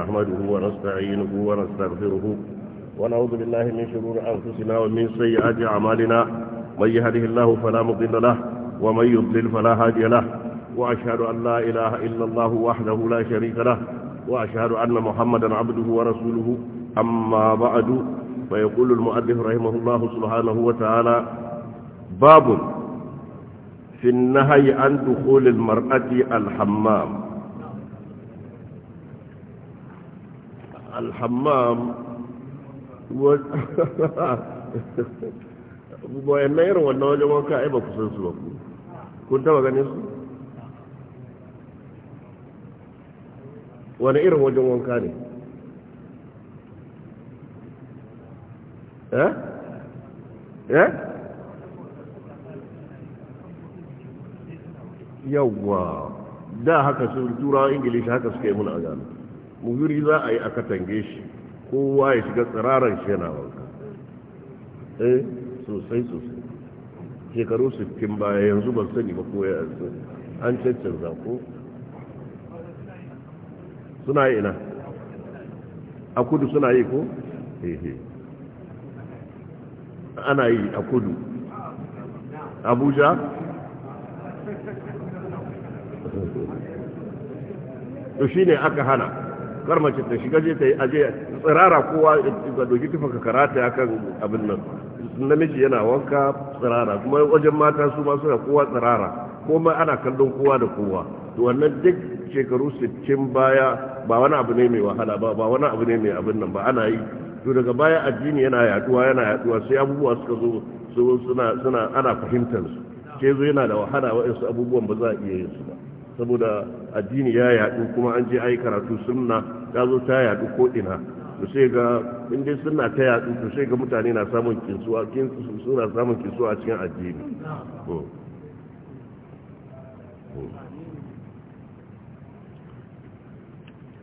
نحمده ونستعينه ونستغفره ونعوذ بالله من شرور أنفسنا ومن سيئات أعمالنا من يهده الله فلا مضل له ومن يضلل فلا هادي له وأشهد أن لا إله إلا الله وحده لا شريك له وأشهد أن محمدا عبده ورسوله أما بعد فيقول المؤلف رحمه الله سبحانه وتعالى باب في النهي عن دخول المرأة الحمام الحمام و بويا نير ونو جو كا ايبا كوسن سوو كنت ما غنيس وانا اير هو جو كاني ها ها يوا دا هكا سورة انجليش هكا سكيمون اغاني muhuri za a yi a katange shi kowa ya shiga tsararan shi yana wanka eh sosai sosai shekaru 60 baya yanzu ban sani ba ko ya an cancanza ko suna yi ina a kudu suna yi ko? hehe eh. ana yi a kudu abuja? to shi ne aka hana kar ta shiga je ta yi aje tsirara kowa ga doki tufa ka karata kan abin nan namiji yana wanka tsirara kuma wajen mata su ma suna kowa tsirara kuma ana kallon kowa da kowa to wannan duk shekaru 60 baya ba wani abu ne mai wahala ba ba wani abu ne mai abin nan ba ana yi to daga baya addini yana yaduwa yana yaduwa sai abubuwa suka zo su suna suna ana fahimtar su ke zo yana da wahala waɗansu abubuwan ba za a iya yin su ba saboda addini ya yaɗu kuma an je ayi karatu sunna ta zo ta yadu ko ina to sai ga in suna ta yadu to sai ga mutane na samun kinsuwa kinsu suna samun kinsuwa a cikin addini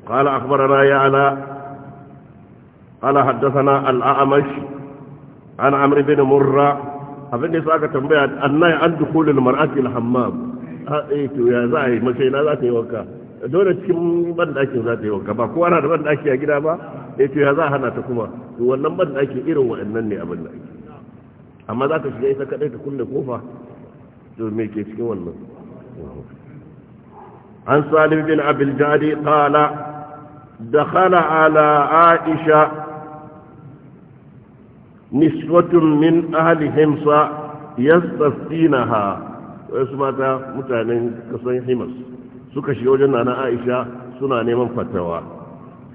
قال أخبرنا يعلى قال حدثنا الأعمش عن عمرو بن مرة abin da aka tambaya annai an dukulul mar'ati al-hammam a ah, eh to ya za a yi mace na za ta yi wanka dole cikin banɗakin za ta yi wanka ba kowa na da banɗaki a gida ba ya eh, ce ya za a hana ta kuma to wannan banɗakin irin wa'annan ne abin da ake amma za ka shiga ita kaɗai ta kulle kofa to me ke cikin wannan an salim bin abil jadi qala ala aisha niswatun min ahli himsa همصة wasu mata mutanen kasan حمص suka shiga wajen nana aisha suna neman fatawa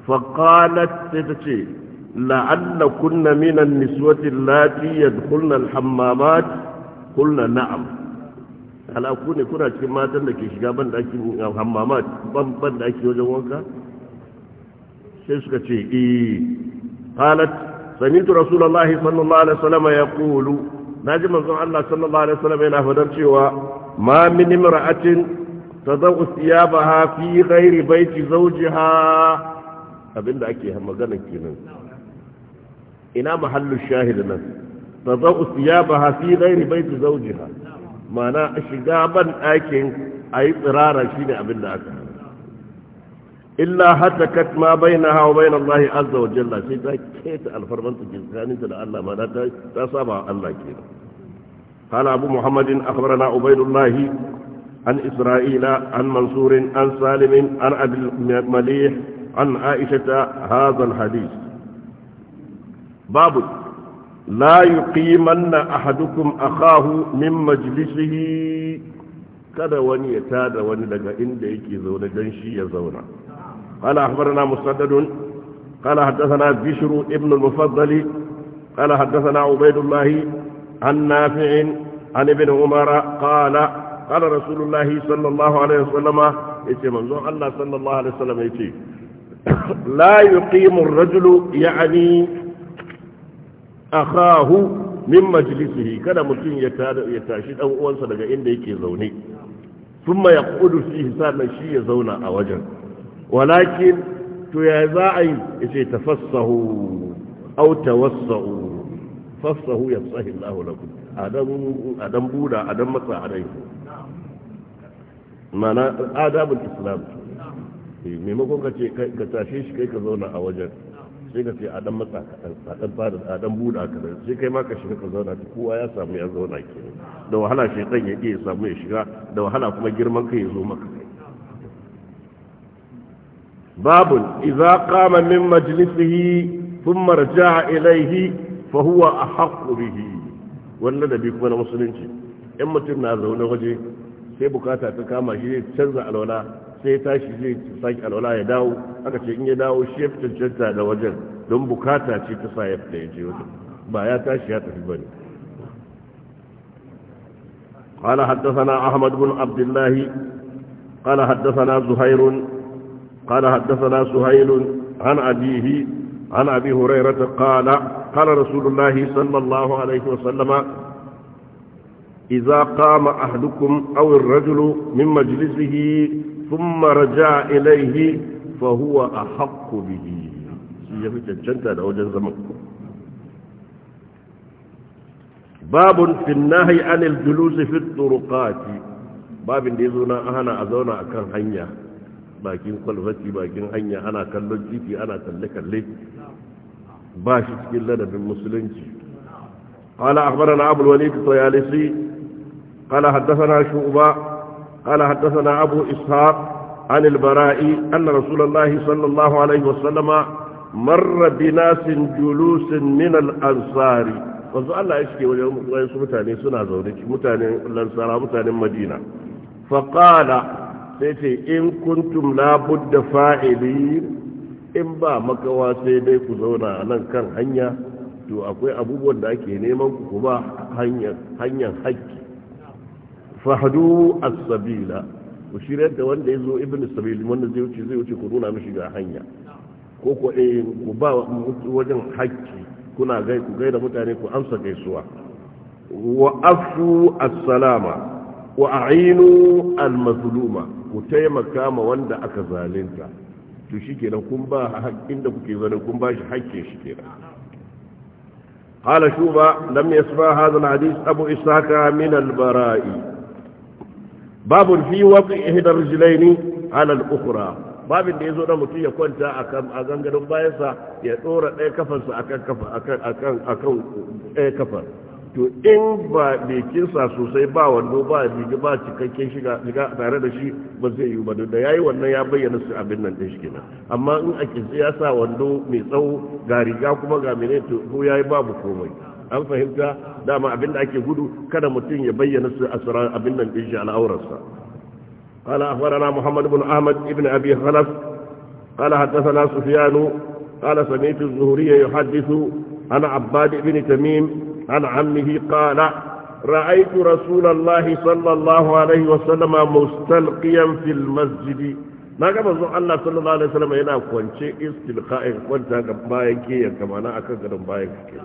faƙalat sai ta ce la'alla kunna minan niswati lati yadkhulna alhammamat kulna na'am alaku ne kuna cikin matan da ke shiga ban daki eh, hammamat ban ban daki wajen wanka sai suka ce eh qalat sami'tu rasulullahi sallallahu alaihi wasallam Na ji manzon Allah sallallahu alaihi wasallam yana fadar cewa ma min imra'atin tadau thiyabaha fi ghairi baiti zawjiha abinda ake magana kenan ina mahallu shahid nan tadau thiyabaha fi ghairi baiti zawjiha mana shiga ban ɗakin ayi tsirara shine abinda aka illa hatakat ma bainaha wa bain Allah azza wa jalla sai ta keta alfarman ta tsakaninta da Allah ma ta saba Allah kenan قال أبو محمد أخبرنا عبيد الله عن إسرائيل عن منصور عن سالم عن أبي المليح عن عائشة هذا الحديث باب لا يقيمن أحدكم أخاه من مجلسه كذا وني يتاد وني لقى إن ديك زون جنشي يزون قال أخبرنا مسدد قال حدثنا بشر ابن المفضل قال حدثنا عبيد الله عن نافع عن ابن عمر قال قال رسول الله صلى الله عليه وسلم يتي منظور الله صلى الله عليه وسلم يتي لا يقيم الرجل يعني أخاه min majlisihi kada mutum ya tashi dan uwansa daga inda yake zaune thumma yaqudu fihi sannan shi ya zauna a wajen walakin to ya za a yi yace tafassahu aw tawassahu fassahu yafsahu buda adam matsa alaikum mana adabul islam eh, maimakon ka ce ka tashe shi kai ka zauna a wajen sai ka ce a dan matsa kaɗan a dan fara a dan a kaɗan sai kai ma ka shiga ka zauna ta kowa ya samu ya zauna ke da wahala shaitan ya iya samu ya shiga da wahala kuma girman kai ya zo maka babun idza qama min majlisihi thumma raja'a ilayhi fa huwa ahqqu bihi wannan da bi kuma na musulunci in mutum na zaune waje sai bukata ta kama shi zai canza alwala sai tashi zai sake alwala ya dawo aka ce in ya dawo shi ya fi cancanta da wajen don bukata ce ta sa ya fita ya je wajen ba ya tashi ya tafi bane قال حدثنا أحمد بن عبد الله قال حدثنا زهير قال حدثنا سهيل عن أبيه عن أبي هريرة قال قال رسول الله صلى الله عليه وسلم إذا قام أحدكم أو الرجل من مجلسه ثم رجع إليه فهو أحق به باب في النهي عن الجلوس في الطرقات باب يزونا أنا أزونا أكن حنيا باكين قلفتي باكين حنيا أنا كلون جيتي أنا تلك اللي باشت كلنا في المسلمين قال أخبرنا أبو الوليد الطيالسي قال حدثنا شعبة قال حدثنا أبو إسحاق عن البراء أن رسول الله صلى الله عليه وسلم مر بناس جلوس من الأنصار wanzu Allah ya cike wajen wayansu mutane suna zaune mutanen lansara mutanen madina faƙala sai ce in kuntum labudda fa'ili in ba makawa sai dai ku zauna a nan kan hanya to akwai abubuwan da ake neman ku kuma hanyar haƙƙi fahadu as-sabila ku shiryar da wanda ya zo ibn sabil wanda zai wuce zai wuce ku nuna mishi ga hanya ko ku eh ku ba wajen hakki kuna gai ku gaida mutane ku amsa gaisuwa wa afu as-salama wa a'inu al-mazluma ku taimaka ma wanda aka zalunta to shikenan kun ba hakkin da kuke zane kun ba shi hakke shi kenan قال شوبا لم يسمع هذا الحديث أبو إسحاق من البرائي babun fi wafi ihdar rijlaini ala ukura ukhra babin da yazo da mutum ya kwanta a a gangarin bayansa ya dora ɗaya kafarsa akan kafa akan ɗaya kafar to in ba bai kinsa sosai ba wando ba riga ba cikakken shiga tare da shi ba zai yi ba da yayi wannan ya bayyana su abin nan din shi kenan amma in a kinsa ya sa wando mai tsawo ga riga kuma ga mene to ko yi babu komai an fahimta dama abinda ake gudu kada mutum ya bayyana su tsoron abin nan din shi al'aurarsa قال أخبرنا محمد بن أحمد بن أبي خلف ala حدثنا سفيان قال سمعت الزهري يحدث عن عباد بن تميم عن عمه قال رأيت رسول الله صلى الله عليه وسلم مستلقيا في na ga manzon Allah sallallahu alaihi wasallam yana kwance istilqa'in kwanta ga bayan ke yanka akan garin bayan ke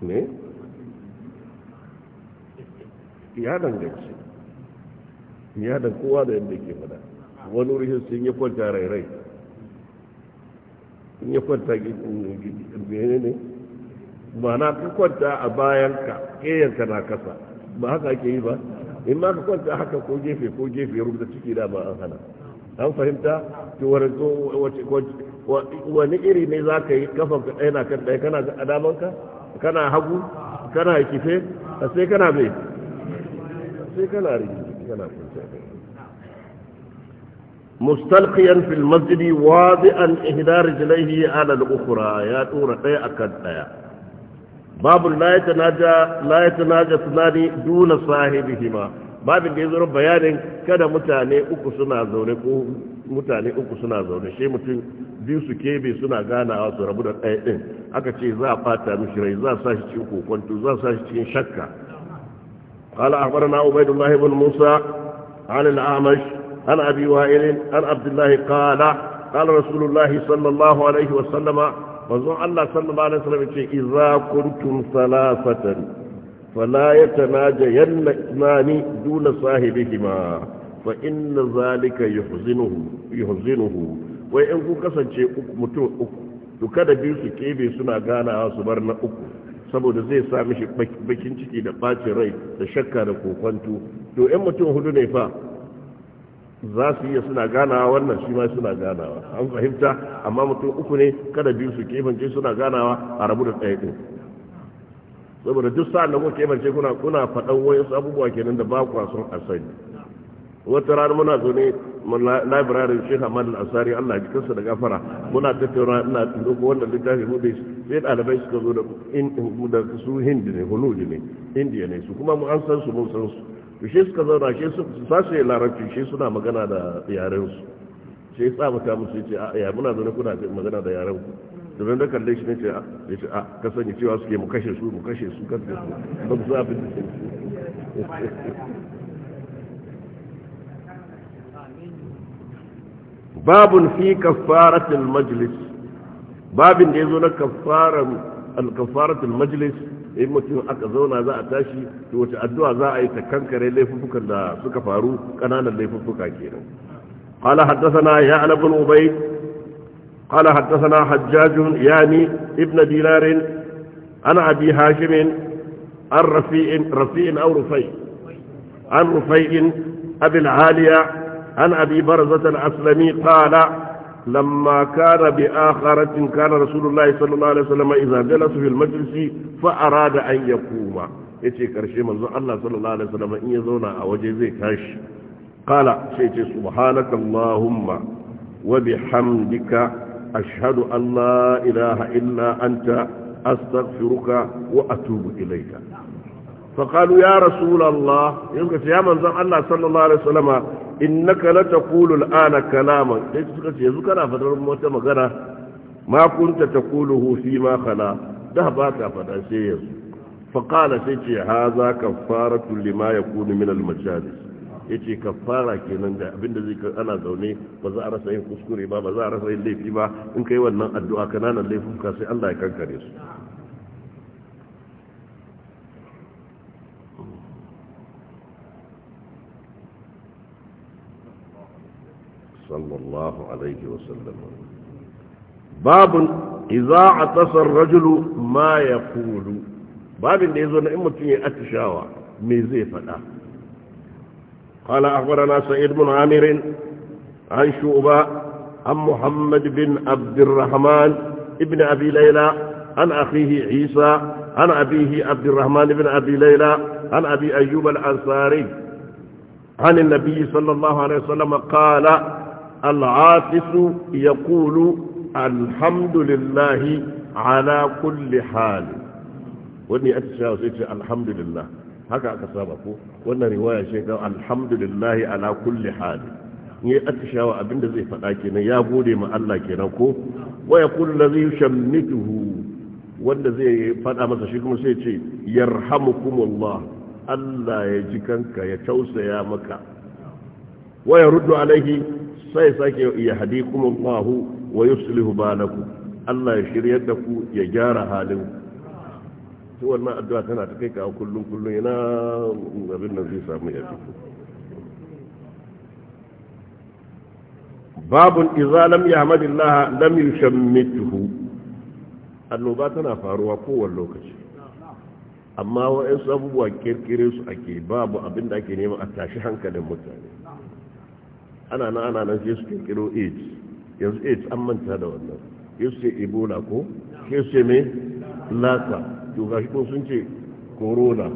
ne ya danganci ya dan kowa da yadda ke fada wani wurin sun ya kwanta rairai in ya kwanta gini ne ba na ka kwanta a bayan ka ƙeyanka na kasa ba haka ake yi ba in ma ka kwanta haka ko gefe ko gefe rubuta ciki da ba an hana an fahimta ki wani iri ne za ka yi kafa ka ɗaya na kan ɗaya kana ga adamanka kana hagu kana kife sai kana mai sai kana rigi kana kunce mustalqiyan fil masjidi wadi'an ihdar rijlaihi ala al-ukhra ya tura daya akan daya babu la yatanaja la yatanaja sunani duna sahibihima babin da ya bayanin kada mutane uku suna zaune ko mutane uku suna zaune shi mutum biyu su kebe suna ganawa su rabu da ɗaya ɗin aka ce za a fata mishi rai za sa shi cikin kokonto za sa shi cikin shakka قال أخبرنا عبيد الله بن موسى عن الأعمش عن أبي وائل عن عبد الله قال قال رسول الله صلى الله عليه وسلم manzon Allah sallallahu alaihi wasallam ce idza kuntum salasatan fala yatanajayanna ismani duna sahibihima fa inna zalika yuhzinuhu yuhzinuhu wai in ku kasance mutum uku to kada biyu su kebe suna ganawa su bar na uku saboda zai sa mishi bakin ciki da bacin rai da shakka da kokwanto to in mutum hudu ne fa za su iya suna ganawa wannan shi ma suna ganawa an fahimta amma mutum uku ne kada biyu su kebance suna ganawa a rabu da ɗaya ɗin saboda duk sa'an da kuka kebance kuna kuna faɗan wayansu abubuwa kenan da ba kwa son asali wata rana muna zaune labirarin shi hamad al'asari allah ji kansa da gafara muna tattauna ina duk wanda littafi hudu sai ɗalibai suka zo da su hindi ne huluji ne indiya ne su kuma an san su mun san su to shi suka zauna shi su sasu ya larabci shi suna magana da yaren su shi ya tsamata musu ce a ya muna zaune kuna magana da yaren ku domin da kalle shi ne ce a ka sani cewa suke mu kashe su mu kashe su kan su ba su abin da su. باب في كفارة المجلس باب يزون كفارة الكفارة المجلس إما إيه تزون هذا أتاشي وتعدوا هذا أي تكنكر اللي ففك اللي فكفارو كنان اللي ففك أكيرا قال حدثنا يعلى بن أبيد قال حدثنا حجاج يعني ابن دينار عن أبي هاشم عن رفيع رفيع أو رفيع عن رفيع أبي العالية عن أبي برزة الأسلمي قال لما كان بآخرة كان رسول الله صلى الله عليه وسلم إذا جلس في المجلس فأراد أن يقوم يتي كرشي منذ الله صلى الله عليه وسلم إن يزونا أوجي زي كرش قال شيء سبحانك اللهم وبحمدك أشهد أن لا إله إلا أنت أستغفرك وأتوب إليك فقالوا يا رسول الله يقول يا منذ الله صلى الله عليه وسلم innaka la taqulu al'ana kalaman dai suka ce yanzu kana fadar wata magana ma kunta taquluhu fi ma khala da ba ka fada sai yanzu fa qala sai ce haza kaffaratu lima yakunu min al-majalis yace kafara kenan da abinda zai ana zaune ba za a rasa yin kuskure ba ba za a rasa yin laifi ba in kai wannan addu'a kananan laifuka sai Allah ya kankare su صلى الله عليه وسلم باب إذا عطس الرجل ما يقول باب إذا ما أتشاوى ميزيفة قال أخبرنا سعيد بن عامر عن شؤبة عن محمد بن عبد الرحمن ابن أبي ليلى عن أخيه عيسى عن أبيه عبد الرحمن بن أبي ليلى عن أبي أيوب الأنصاري عن النبي صلى الله عليه وسلم قال العاطس يقول الحمد لله على كل حال wani a cikin sai ce alhamdulillah haka aka saba ko wannan riwaya ce ga alhamdulillah ala kulli hali ne attishawa abinda zai faɗa kenan ya gode ma Allah kenan ko wa yaqulu allazi yushammituhu wanda zai faɗa masa shi kuma sai ce yarhamukumullah Allah ya ji kanka ya tausaya maka waya ruddu alaihi sai sake ya hadikumullahu wa yuslihu balakum Allah ya shirya da ku ya gyara halin to wannan addu'a tana ta kai ka kullun kullun yana abin nan zai samu ya fito babun idza lam yahmadillah lam yushammituhu annoba tana faruwa kowane lokaci amma wa'ansu abubuwa kirkire su ake babu abin da ake nema a tashi hankalin mutane ana nan ana nan sai su kirkiro aids yanzu aids an manta da wannan sai su ce ebola ko sai su ce me lasa to shi ko sun ce corona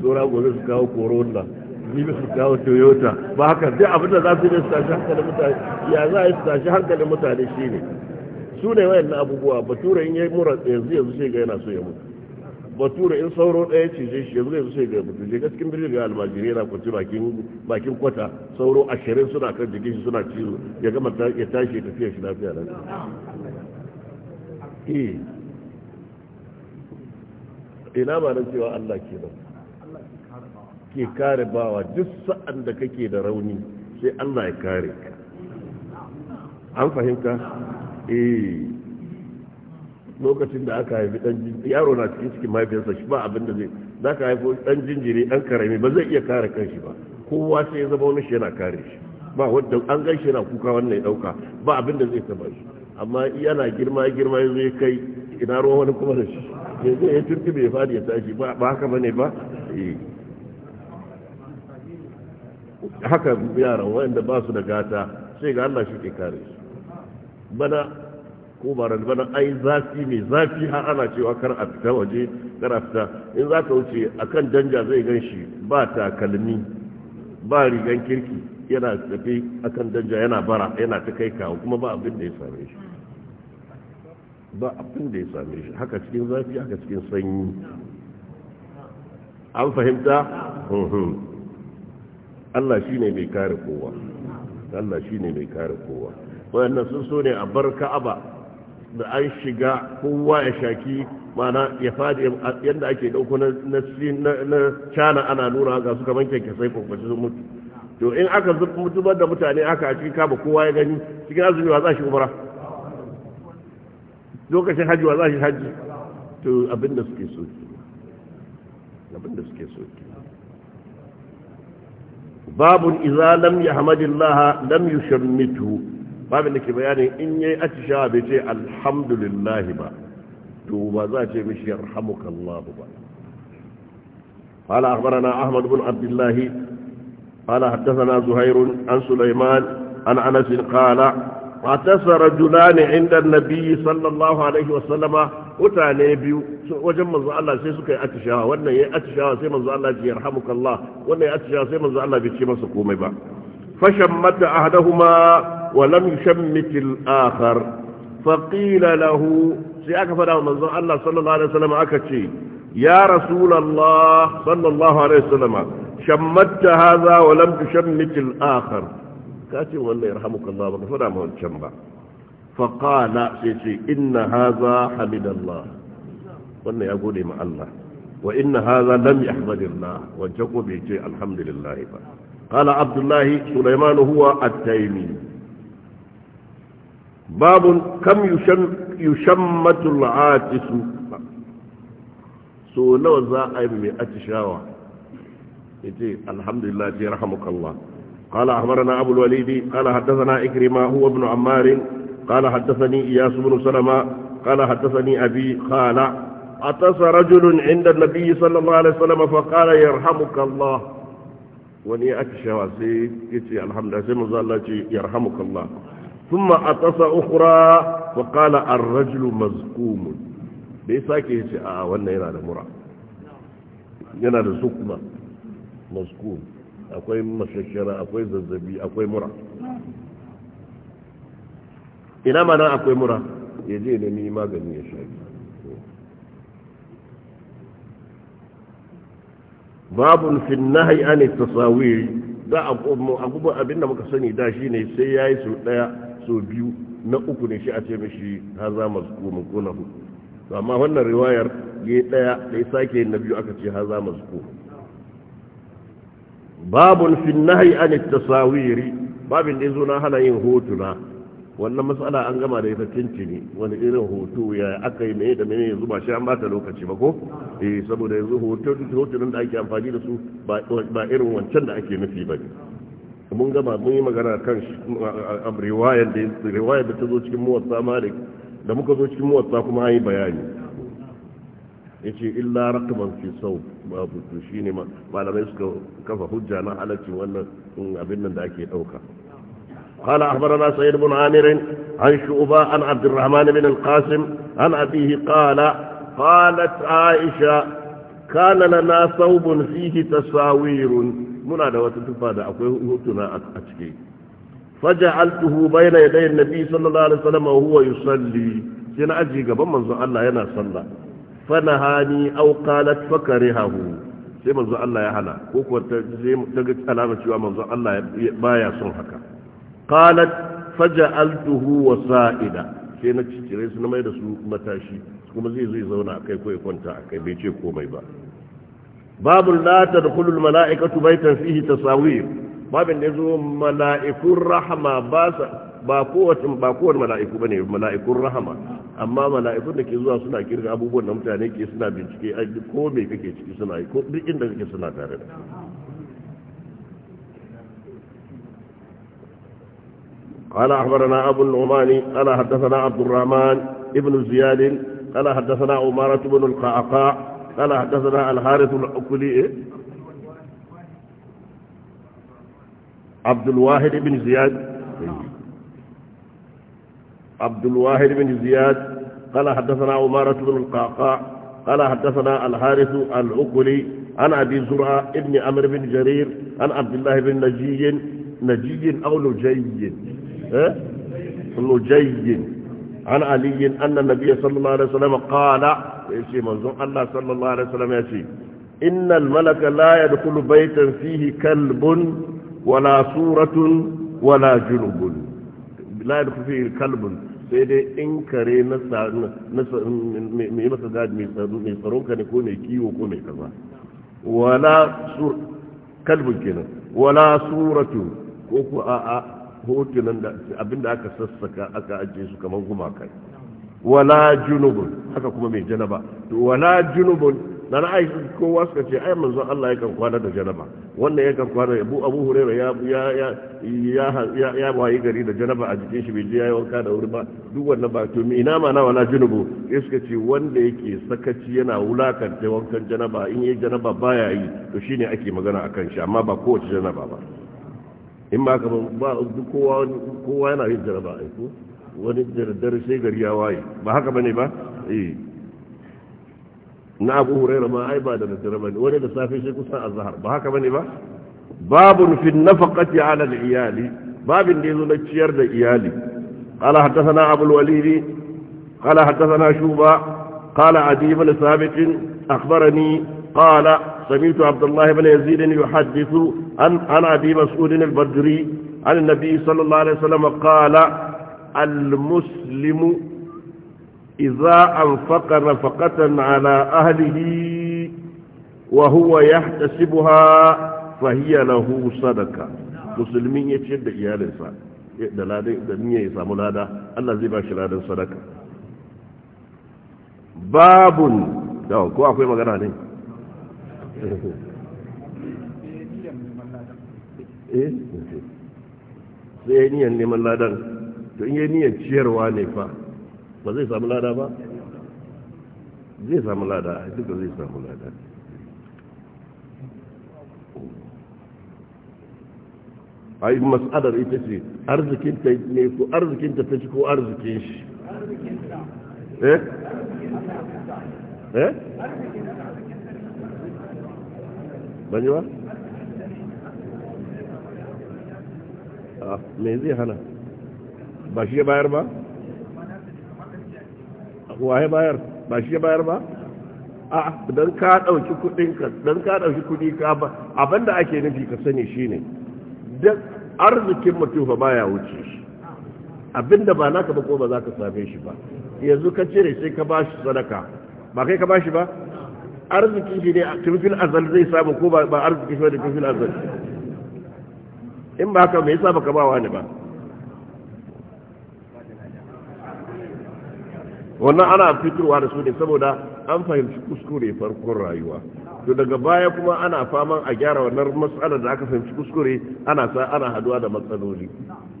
tsora gobe su kawo corona jibi su kawo toyota ba haka duk abin da za su yi su tashi hankalin mutane ya za a yi su tashi hankalin mutane shine su ne wayan abubuwa bature in yi mura yanzu yanzu sai ga yana so ya mutu bature in sauro ɗaya ce zai shi zai yanzu sai ga mutu je gaskin birnin ga almajiri yana kwanci bakin kwata sauro ashirin suna kan jikin shi suna ciwo ya gama ya tashi ya tafiya shi lafiya nan eh. ina ba nan cewa Allah ke nan ke kare bawa duk sa'an da kake da rauni sai Allah ya kare ka an fahimta eh lokacin da aka haifi dan yaro na cikin cikin mahaifiyarsa shi ba abin da zai za ka haifi dan jinjiri dan karami ba zai iya kare kanshi ba kowa sai ya zama wani shi yana kare shi ba wanda an gan shi yana kuka wannan ya dauka ba abin da zai taba shi amma yana girma girma ya zai kai ina ruwa wani kuma da shi me zai ya turki ya fadi ya tashi ba haka bane ba haka eh. yaran wanda ba su da gata sai ga Allah shi ke kare shi bana ko ba bana ai zafi mai zafi har ana cewa kar a fita waje kar a fita in za ka wuce akan danja zai gan shi ba takalmi ba rigan kirki yana tafi akan danja yana bara yana ta kai kawo kuma ba abin da ya same shi ba abin da ya same shi haka cikin zafi haka cikin sanyi an fahimta Allah ne mai kare kowa Allah ne mai kare kowa wayannan sun so ne a bar ka'aba da an shiga kowa ya shaki mana ya fadi yadda ake dauko na cana ana nuna ga su kaman kyanke sai kwakwaci sun mutu to in aka zubar da mutane aka a cikin kaba kowa ya gani cikin azumi wa za shi umara lokacin hajji wa za shi hajji to abinda suke so abinda suke so babun iza lam yahmadillah lam yushmitu babin da ke bayanin in ya yi atishawa bai ce alhamdulillah ba to ba za a ce mishi yarhamukallahu ba قال أخبرنا أحمد بن عبد الله قال حدثنا an عن سليمان عن أنس قال اعتس رجلان عند النبي صلى الله عليه وسلم mutane biyu wajen manzo Allah sai suka yi atishawa wannan yayi atishawa sai manzo Allah ya yarhamuka Allah wannan yayi atishawa sai manzo Allah bai ce masa komai ba fashammata ahaduhuma ولم يشمت الآخر فقيل له سيأك فداه منظر الله صلى الله عليه وسلم أكتشي يا رسول الله صلى الله عليه وسلم شمت هذا ولم تشمت الآخر كاتي والله يرحمك الله بك فداه منظر فقال سيتي إن هذا حمد الله وأن يقول مع الله وإن هذا لم يحمد الله وانشقوا به الحمد لله قال عبد الله سليمان هو التيمي babun kam yushammatu al'atisu so nawa za a yi mai atishawa yace alhamdulillah ji rahmukallah قال أخبرنا أبو الوليد قال حدثنا إكرمة هو ابن عمار قال حدثني إياس بن سلمة قال حدثني أبي قال أتس رجل عند النبي صلى الله عليه وسلم فقال يرحمك الله وني أكشى وسيك الحمد لله يرحمك الله ثم أطس أخرى وقال الرجل مزكوم بيساكي يسي آه وانا ينا لمرأة yana da su kuma maskun akwai mashashara akwai zazzabi akwai mura ina ma nan akwai mura ya je nemi magani ya shafi babun fi nahi an tasawiri da abubuwan abin da muka sani da shine sai yayi su daya so biyu na uku ne shi a ce mishi su mazkur mun na hudu amma wannan riwayar yayi daya da ya sake yin na biyu aka ce za mu mazkur babun fi nahi an at-tasawiri babin da yazo na hana yin hotuna wannan masala an gama da ita tintini wani irin hoto ya aka yi mai da mene yanzu ba shi an bata lokaci ba ko eh saboda yanzu hotunan da ake amfani da su ba irin wancan da ake nufi ba ne mun gama mun yi magana kan riwayar da riwayar da ta zo cikin muwatta malik da muka zo cikin muwatta kuma an yi bayani yace illa raqman fi saw babu to shine malamai suka kafa hujja na halacci wannan abin nan da ake dauka قال أخبرنا سيد بن عامر عن شعبة عن عبد الرحمن بن القاسم عن أبيه قال قالت عائشة كان لنا ثوب فيه تساوير muna da wata tufa da akwai hutuna a ciki faja'altuhu bayna yaday an-nabi sallallahu alaihi wasallam wa huwa yusalli sai na aji gaban manzon Allah yana sallah fanahani aw qalat hahu. sai manzon Allah ya hana ko ko ta daga alama cewa manzon Allah baya son haka qalat wa wasa'ida sai na cire su na mai da su matashi kuma zai zai zauna kai ko ya kwanta kai bai ce komai ba babul la tadkhulul mala'ikatu baitan fihi tasawir babin da zo mala'ikun rahama ba ba kowace ba kowace mala'iku mala'ikun rahama amma mala'ikun da ke zuwa suna kirga abubuwan da mutane ke suna bincike a ko me kake ciki suna yi ko duk inda suna tare da قال أخبرنا أبو النعمان قال حدثنا عبد الرحمن ابن زياد قال حدثنا عمارة بن القعقاع قال حدثنا الحارث العقلي إيه؟ عبد الواحد بن زياد عبد الواحد بن زياد قال حدثنا عمارة بن القعقاع قال حدثنا الحارث العقلي عن أبي زرعة ابن عمرو بن جرير عن عبد الله بن نجي نجي أو لجي نجي لجي إيه؟ عن علي أن النبي صلى الله عليه وسلم قال sai ce manzon Allah sallallahu alaihi wasallam ya ce innal malaka la yadkhulu baytan fihi kalbun wala suratun wala junubun la yadkhulu fihi kalbun sai dai in kare na mai masa gadi mai mai tsaron ka ne ko mai kiwo ko mai kaza wala sur kalbun kenan wala suratu ko ku a'a hotunan da abinda aka sassaka aka ajiye su kamar gumakai wala junubun haka kuma mai janaba to wala junubun na ra'ayi kowa suka ce ai manzo Allah yakan kwana da janaba wannan yakan kwana Abu Abu Hurairah ya ya ya ya wayi gari da janaba a jikin shi bai je yayi wanka da wuri ba duk wannan ba to ina mana wala junubu sai suka ce wanda yake sakaci yana da wankan janaba in yayi janaba baya yi to shine ake magana akan shi amma ba kowace janaba ba in ba ka ba kowa kowa yana yin janaba ai ko wani daddare sai gari ya waye ba haka bane ba eh na abu huraira ma ai ba da daddare bane wani da safe sai kusan azhar ba haka bane ba babun fi nafaqati ala al-iyali babin da yazo na ciyar da iyali qala hadathana abul walidi qala hadathana shuba qala adi ibn sabit akhbarani qala سمعت عبد الله بن يزيد يحدث عن عن ابي مسعود البدري عن النبي صلى الله عليه وسلم قال المسلم إذا أنفق نفقة على أهله وهو يحتسبها فهي له صدقة مسلمين يتشد إيالنسا da niyya ya samu lada Allah zai ba shi ladan sadaka babun ko akwai magana ne eh sai niyan neman ladan to in yi niyyar ciyarwa ne fa ba zai samu lada ba zai samu lada duka zai samu lada yi mas'adar ita ce arzikinta ne ko arzikinta ta ci ko arzikin shi eh eh banji ba ah, me zai hana ba shi ya bayar ba waye bayar ba shi ya bayar ba a don ka ɗauki kuɗinka don ka ɗauki kuɗi ka ba abinda ake nufi ka sani shine duk arzikin mutum fa ya wuce shi abinda ba naka ba ko ba za ka same shi ba yanzu ka cire sai ka ba shi sadaka ba kai ka ba shi ba arziki shi ne a tufil azal zai samu ko ba arzikin shi ne tufil azal in ba ka me yasa baka ba wani ba wannan ana fitowa da su ne saboda an fahimci kuskure farkon rayuwa to daga baya kuma ana faman a gyara wannan matsalar da aka fahimci kuskure ana sa ana haduwa da matsaloli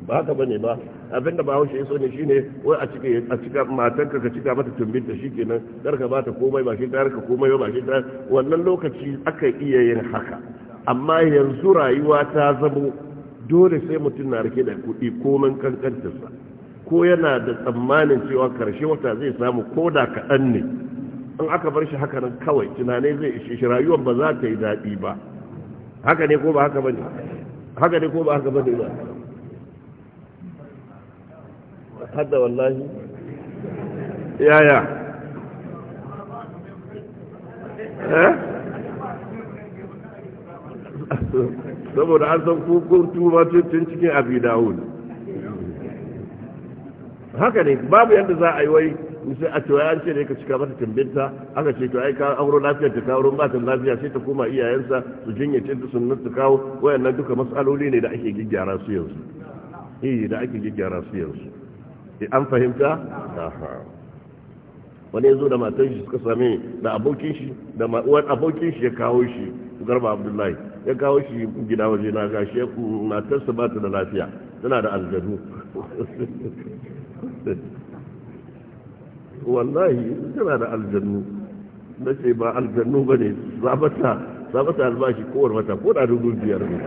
ba haka bane ba abinda ba haushe ya so ne shine wai a cika a cika matanka ka cika mata tumbin ta shikenan kar ka bata komai ba shi ta ka komai ba shi ta wannan lokaci aka iya yin haka amma yanzu rayuwa ta zamo dole sai mutum na rike da kuɗi komai kankantarsa ko yana da tsammanin cewa karshe wata zai samu ko da kaɗan ne in aka bar shi haka nan kawai tunanin zai ishe shi rayuwar ba za ta yi daɗi ba haka ne ko ba haka bane haka ne ko ba haka bane ba hadda wallahi yaya eh saboda an san kukun tuma tun cikin abi dawud haka ne babu yadda za a yi wai sai a cewa an ce ne ka cika mata tambinta aka ce to ai ka auro lafiyar ta kawo ba ta lafiya sai ta koma iyayensa su jinyace ta sunan ta kawo wayannan duka matsaloli ne da ake gyaggyara su yanzu eh da ake gyaggyara su yanzu eh, an fahimta aha wani ya zo da matan shi suka same da abokin shi da uwar abokin shi ya kawo shi garba abdullahi ya kawo shi gida waje na gashi matarsa ba ta da lafiya tana da aljadu wallahi tana da aljannu na ce ba aljannu ba ne zabata albashi kowar wata ko da dubu biyar ne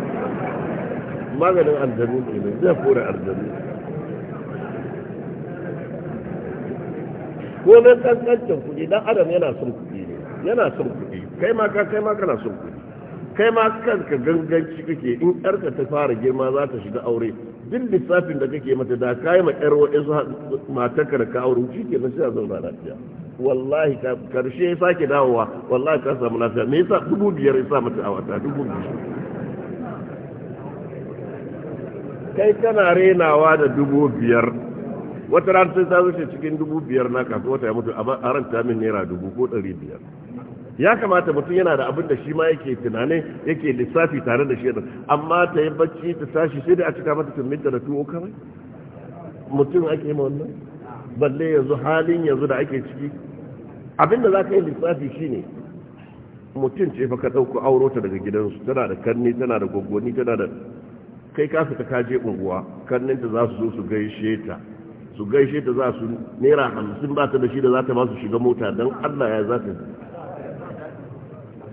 maganin aljannu ke ne zai kore aljannu ko na kankancin kuɗi dan adam yana son kuɗi ne yana son kuɗi kai ma ka kai ma kana son kuɗi kai ma kanka ganganci kake in ƴarka ta fara girma za ta shiga aure duk lissafin da kake mata da kayi ma ƴar waɗansu matakar ka aure shi ke na sha zauna lafiya wallahi ka karshe ya sake dawowa wallahi ka samu lafiya me yasa dubu biyar ya sa mata a wata dubu biyar kai kana renawa da dubu biyar wata rana sai ta zuce cikin dubu biyar na kasuwa ta mutu a ranta min naira dubu ko ɗari biyar ya kamata mutum yana da abin da shi ma yake tunanin yake lissafi tare da shi amma ta yi bacci ta tashi sai da a cika mata tumbinta da tuwo kawai mutum ake ma wannan balle yanzu halin yanzu da ake ciki abin da za ka yi lissafi shine mutum ce fa ka ɗauko auro ta daga gidansu tana da karni tana da gwaggwani tana da kai ka fita kaje unguwa ta za su zo su gaishe ta su gaishe ta za su nera hamsin ba ta da shi da za ta ba su shiga mota don allah ya za ta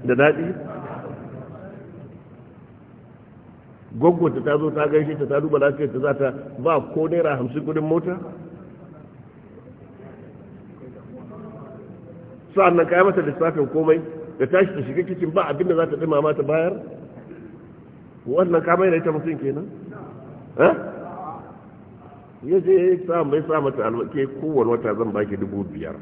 da daɗi gwaggwata ta zo ta gaishe ta ta duba lafiyar ta za ta ba ko naira hamsin kudin mota sa'an nan kayan mata lissafin komai da tashi ta shiga kicin ba abin da za ta ɗima mata bayar wannan kamar da ita mutum kenan ya je ya sa mai sa mata alwake kowane wata zan baki dubu biyar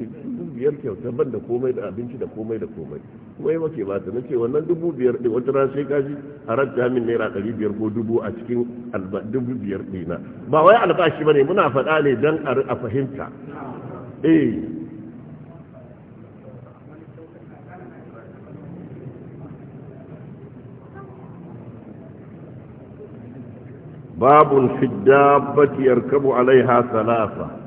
dubu biyar kyauta ban da komai da abinci da komai da komai kuma yi mace ba ta na ce wannan dubu biyar ɗin wata ran sai kashi a ranta min naira ɗari biyar ko dubu a cikin dubu biyar ɗina ba wai albashi ba ne muna faɗa ne don a fahimta eh fidda في الدابة alaiha عليها ثلاثة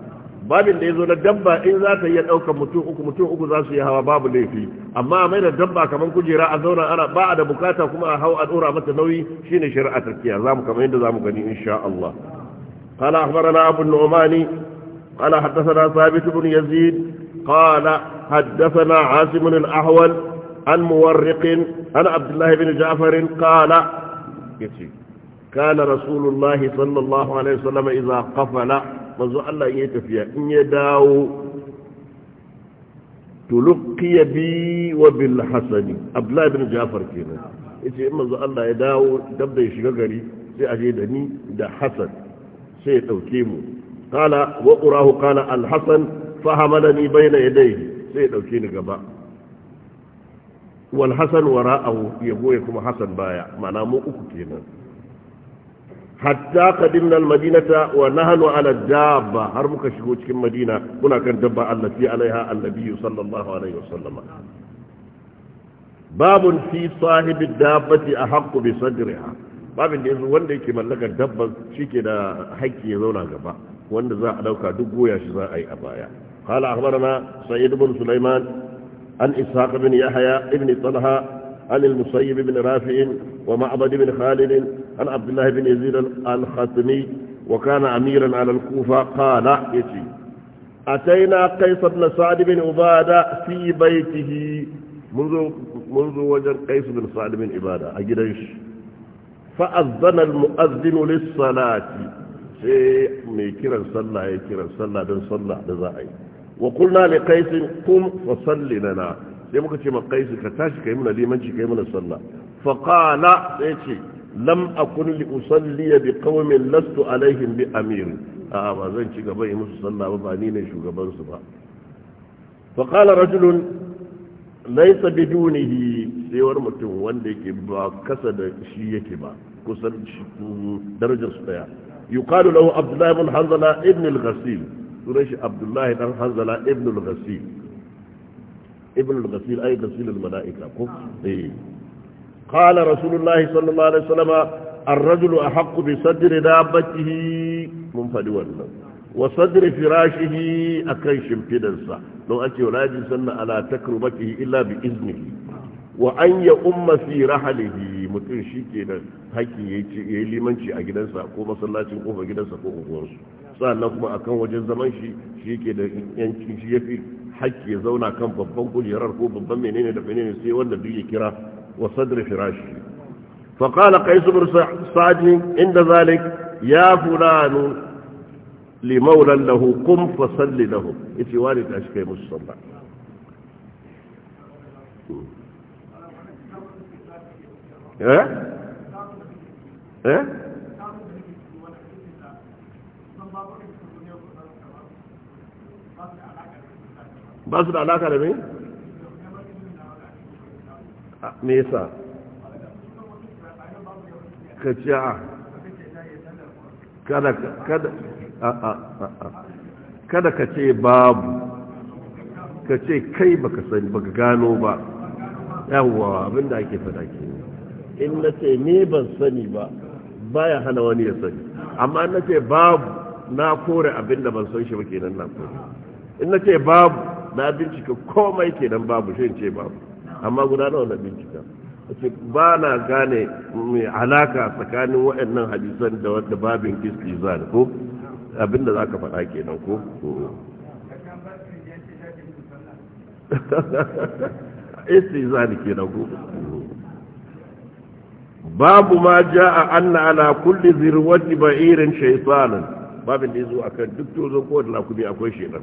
babin da ya zo na dabba in za ta iya ɗaukar mutum uku mutum uku za su yi hawa babu laifi amma a mai da dabba kamar kujera a zauna ana ba a da bukata kuma a hau a ɗora mata nauyi shine shari'a tafiya za mu kamar yadda za mu gani insha Allah قال أخبرنا أبو النعمان قال حدثنا ثابت بن يزيد قال حدثنا عاصم الأحول عن مورق عن عبد الله بن جعفر قال Kana رسول sallallahu alaihi الله عليه وسلم manzo Allah ya tafiya in ya dawo tulqiya bi wa bil hasani abdullahi bin jafar kenan yace in manzo Allah ya dawo dab da ya shiga gari sai aje da ni da hasan sai ya dauke mu kala wa qurahu kala al hasan hamalani bayna yadayhi sai ya dauke ni gaba wal hasan wara'ahu ya goye kuma hasan baya ma'ana mu uku kenan hatta qadimna almadinata wa nahnu ala dabba har muka shigo cikin madina muna kan dabba allati alaiha annabi sallallahu alaihi wasallam babun fi sahibi dabbati ahqqu bi sadriha babin da yanzu wanda yake mallakar dabban shike da haƙƙi ya zauna gaba wanda za a dauka duk goya shi za a yi a baya قال أخبرنا سيد بن سليمان عن إسحاق بن يحيى بن طلحة عن المسيب بن رافع ومعبد بن خالد عن عبد الله بن يزيد الخاتمي وكان أميرا على الكوفة قال يتي أتينا قيس بن سعد بن عبادة في بيته منذ منذ وجد قيس بن سعد بن عبادة أجدش فأذن المؤذن للصلاة مي كرا صلى كرا صلى بن صلى دزاعي وقلنا لقيس قم فصل لنا لما كنت قيس كتاش كيمنا لي منشي كيمنا صلى فقال kai lam akun li usalli bi qaumin lastu alaihim bi amir a ba zan ci gaba yi musu sallah ba ni ne shugaban su ba fa qala rajulun laysa bidunihi sai war mutum wanda yake ba kasa da shi yake ba kusan darajar su daya yuqalu lahu abdullah ibn hanzala ibn al-ghasil sunan shi abdullah ibn hanzala ibn al-ghasil ibn al-ghasil ay ghasil al-mala'ika ko eh قال رسول الله صلى الله عليه وسلم الرجل أحق بصدر دابته منفد والله وصدر فراشه أكن شمفدنسا لو أكي ولا يجلسن على تكربته إلا بإذنه وأن يؤم في رحله mutum shi ke nan haƙƙi ya yi limanci a gidansa ko masallacin ƙofa gidansa ko unguwarsu sannan kuma a kan wajen zaman shi yanci shi ya fi haƙƙi ya zauna kan babban kujerar ko babban menene da menene sai wanda duk ya kira وصدر فراشه فقال قيس بن سعد عند ذلك يا فلان لمولى له قم فصل له إتي والد أشكي مصطفى إيه إيه بس العلاقه لمين Nesa, ka ci a kada kada a a a kada ka ce babu ka ce kai baka sani baka gano ba yawwa abinda ake fada ke in na ce ne ban sani ba baya hana wani ya sani amma na ce babu na kore abinda ban san shi ba kenan na kore in na ce babu na bincika komai kenan babu shi ce babu amma guda nawa na bincika ce ba na gane mai alaka tsakanin waɗannan hadisan da wadda babin kiski da ko abinda za ka faɗa kenan ko isi zan kenan ko babu ma ja'a anna ala kulli zirwati ba'irin shaytanan babin da yazo akan duk tozo ko da kuma akwai shaytan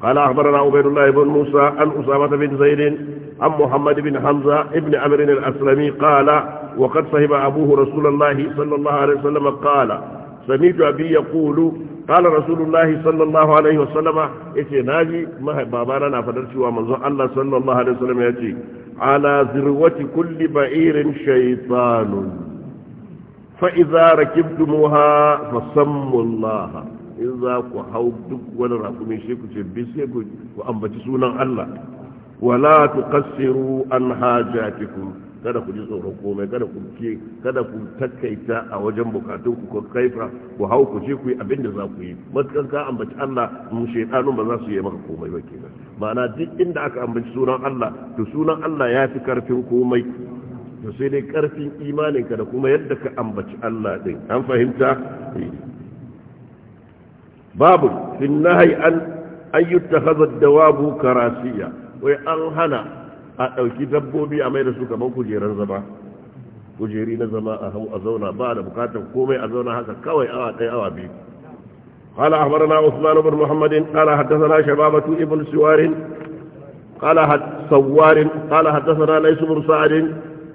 قال أخبرنا عبيد الله بن موسى عن أسامة بن زيد عن محمد بن حمزة ابن عمر الأسلمي قال وقد صهب أبوه رسول الله صلى الله عليه وسلم قال سمعت أبي يقول قال رسول الله صلى الله عليه وسلم إتي ناجي ما بابانا نفدرت ومنظر الله صلى الله عليه وسلم يأتي على ذروة كل بعير شيطان فإذا ركبتموها فسموا الله إذا كحوب دك ولا رقم شيء كتبسي وأنبتسونا الله wala tuqassiru an hajatikum kada ku ji tsoron komai kada ku ke, kada ku takaita a wajen bukatun ku kaifa ku hau ku ce ku yi abin da za ku yi matukan ka ambaci Allah mu shaytanu ba za su yi maka komai ba kenan ma'ana duk inda aka ambaci sunan Allah to sunan Allah ya fi karfin komai to sai dai karfin imaninka da kuma yadda ka ambaci Allah din an fahimta babu fin an an yuttakhadha dawabu karasiya wai an hana a ɗauki dabbobi a mai da su kamar kujerar zama kujeri na zama a hau a zauna ba da bukatar komai a zauna haka kawai awa ɗaya awa biyu قال أخبرنا عثمان بن محمد قال حدثنا شبابة ابن سوار قال حد سوار قال حدثنا ليس بن سعد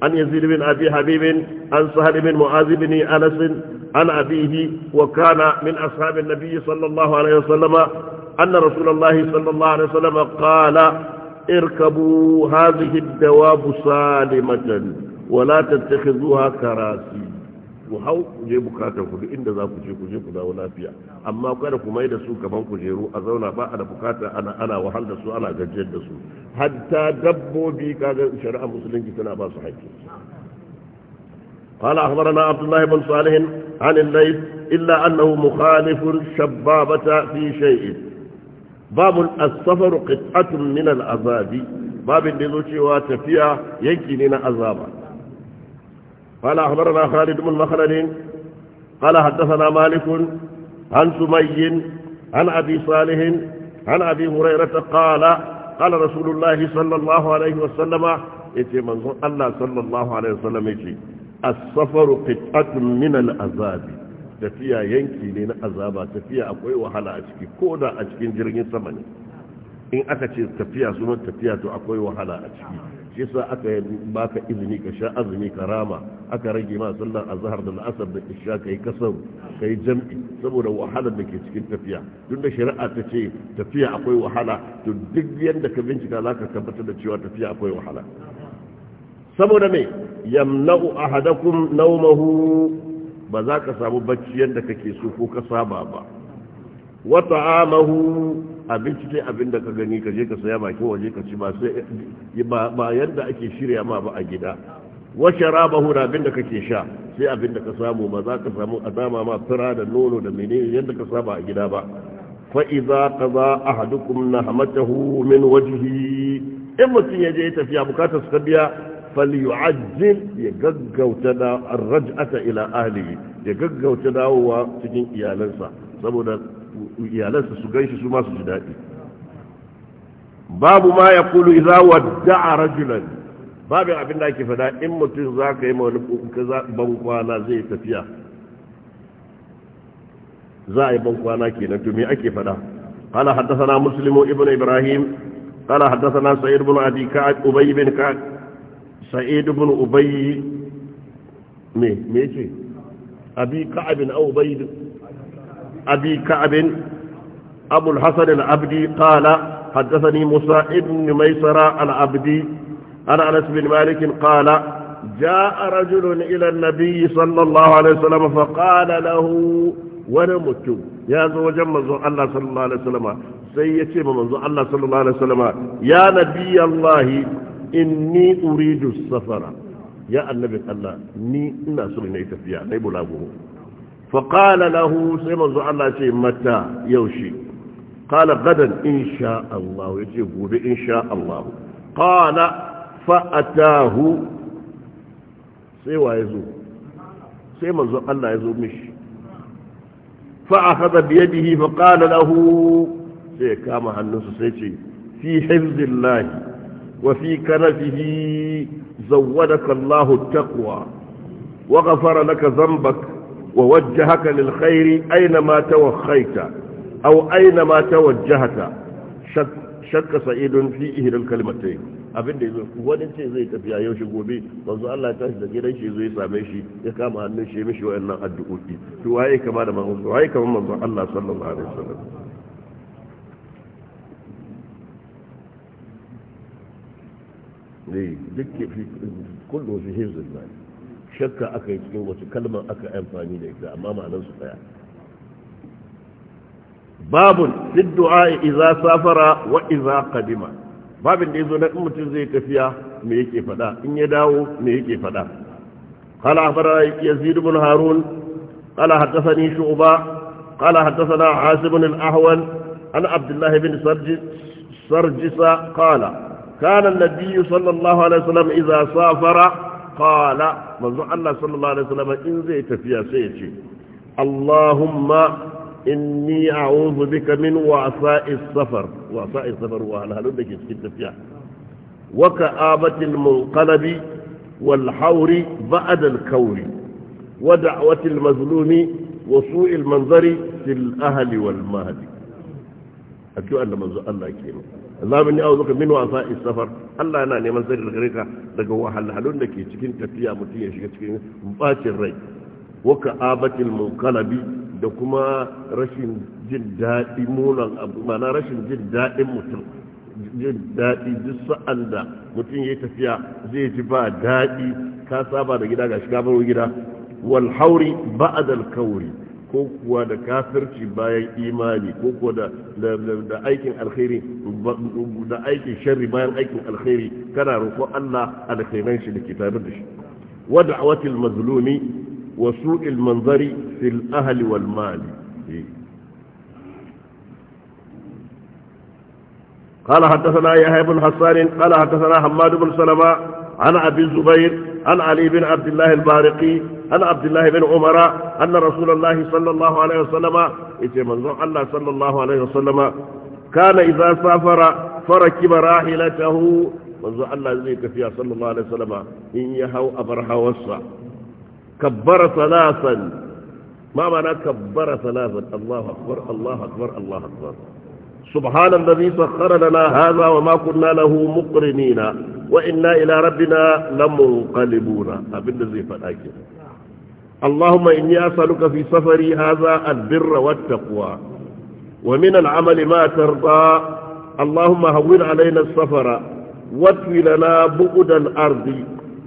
عن يزيد بن أبي حبيب عن سهل بن معاذ بن أنس عن أبيه وكان من أصحاب النبي صلى الله عليه وسلم أن رسول الله صلى الله عليه وسلم قال اركبوا هذه الدواب سالمة ولا تتخذوها كراسي وهو جيبوا كاتب كل إن ذا كجيب كجيب كذا ولا فيها أما وكان فما يد سوق كمان كجيرو أذونا با أنا بكاتا أنا أنا وحل دسو أنا جد دسو حتى دبوا بي كذا شرع مسلم كتنا با صحيح قال أخبرنا عبد الله بن صالح عن الليل إلا أنه مخالف الشبابة في شيء babun asafar ƙasatun minan azabi babin da zo cewa tafiya yanki ne na azaba fala ahmar na kare dumin makararin fala haddasa na malikun an sumayyin an abi salihin an abi murairar ta kala kala rasulullah sallallahu alaihi wasallam ya ce manzon allah sallallahu alaihi wasallam ya ce asafar ƙasatun minan azabi tafiya yanki ne na azaba tafiya akwai wahala a ciki ko da a cikin jirgin sama ne in aka ce tafiya sunan tafiya to akwai wahala a ciki shi sa aka baka izini ka sha azumi ka rama aka rage ma sallar azhar da la'asar da isha ka yi kasar yi jam'i saboda wahala da ke cikin tafiya duk da shari'a ta ce tafiya akwai wahala to duk yadda ka bincika za ka tabbatar da cewa tafiya akwai wahala saboda me yamna'u ahadakum nawmahu ba za ka samu bacci yadda kake so ko ka saba ba wata amahu abinci sai abin da ka gani ka je ka saya bakin waje ka ci ba yadda ake shirya ma ba a gida wa sharabahu da abin da kake sha sai abin da ka samu ba za ka samu azama ma fira da nono da mene yadda ka saba a gida ba fa idza qaza na hamatahu min wajihi. in mutum ya je tafiya bukatar su ka biya falyu'ajjil ya gaggauta da arraj'ata ila ahlihi ya gaggauta dawowa cikin iyalansa saboda iyalansa su gaishe su ma su ji babu ma ya kulu idza wadda'a rajulan babu abin da ake fada in mutum za ka yi ma wani ban kwana zai tafiya za a yi ban kwana kenan to me ake fada qala حدثنا muslimu ibnu ibrahim qala حدثنا سعيد ibn abi ka'ab ubay بن ka'ab sa'id ibn ubay me me yace abi ka'ab bin ubayd abi ka'ab abu al-hasan al-abdi qala حدثني موسى ابن ميسرة العبدي عن أنس بن مالك قال جاء رجل إلى النبي صلى الله عليه وسلم فقال له ونمت يا زوج منظر الله صلى الله عليه وسلم سيتم منظر الله صلى الله عليه وسلم يا نبي الله inni uridu safara ya annabi Allah ni ina so ne tafiya dai bulaguro fa qala lahu sai manzo Allah ce mata yaushe qala gadan insha Allah yace gobe insha Allah qala fa atahu sai waye zo sai manzo Allah ya zo mishi fa akhadha bi yadihi fa qala lahu sai kama hannunsa sai ce fi hifzillahi وفي كنفه زودك الله التقوى وغفر لك ذنبك ووجهك للخير أينما توخيت أو أينما توجهت شك, شك سعيد في إهل الكلمتين abin da wani ce zai tafiya yau shi gobe wanzu Allah ya tashi da gidan shi zai same shi ya kama hannun shi mishi wayannan addu'o'i to waye kama da manzo waye kama manzo Allah sallallahu alaihi wasallam duk fi kullu fi shakka aka yi cikin wasu kalmar aka amfani da ita amma ma'anar su daya babun fi du'a idza safara wa idza qadima babin da yazo na mutum zai tafiya me yake fada in ya dawo me yake fada قال أخبرنا يزيد بن هارون قال حدثني شعبة قال حدثنا عاصم الأهون عن عبد الله بن سرجس قال كان النبي صلى الله عليه وسلم إذا سافر قال منذ الله صلى الله عليه وسلم إن زيت في سيتي اللهم إني أعوذ بك من وعصاء السفر وعصاء السفر وعلى هلون لك سكت فيها وكآبة المنقلب والحور بعد الكور ودعوة المظلوم وسوء المنظر في الأهل والمهد أجو أن منذ الله كيما zamani mu zuka min wasa isafar Allah yana neman tsari da gare ka daga wahalhalun da ke cikin tafiya mutum ya shiga cikin bacin rai wa abatil munqalabi da kuma rashin jin daɗi munan abu mana rashin jin daɗin mutum jin daɗi duk sa'an da mutum ya tafiya zai ji ba daɗi ka saba da gida ga shiga baro gida wal hauri ba'dal kauri ko kuwa da kafirci bayan imani ko kuwa da aikin alkhairi da aikin sharri bayan aikin alkhairi kana roƙo Allah alkhairan shi da kitabar da shi wa da'watil mazlumi wa su'il manzari fil ahli wal mali قال حدثنا يحيى بن حسان قال حدثنا حماد بن سلمة عن أبي الزبير عن علي بن عبد الله البارقي عن عبد الله بن عمر أن رسول الله صلى الله عليه وسلم اتمنى الله صلى الله عليه وسلم كان إذا سافر فركب راحلته منذ الله ذيك فيها صلى الله عليه وسلم إن يهو أبرها وسع كبر ثلاثا ما معنى كبر ثلاثا الله أكبر الله أكبر الله أكبر, الله أكبر سبحان الذي سخر لنا هذا وما كنا له مقرنين وإنا إلى ربنا لمنقلبون أبن ذي فلاك اللهم إني أسألك في سفري هذا البر والتقوى ومن العمل ما ترضى اللهم هون علينا السفر واتوي لنا بؤد الأرض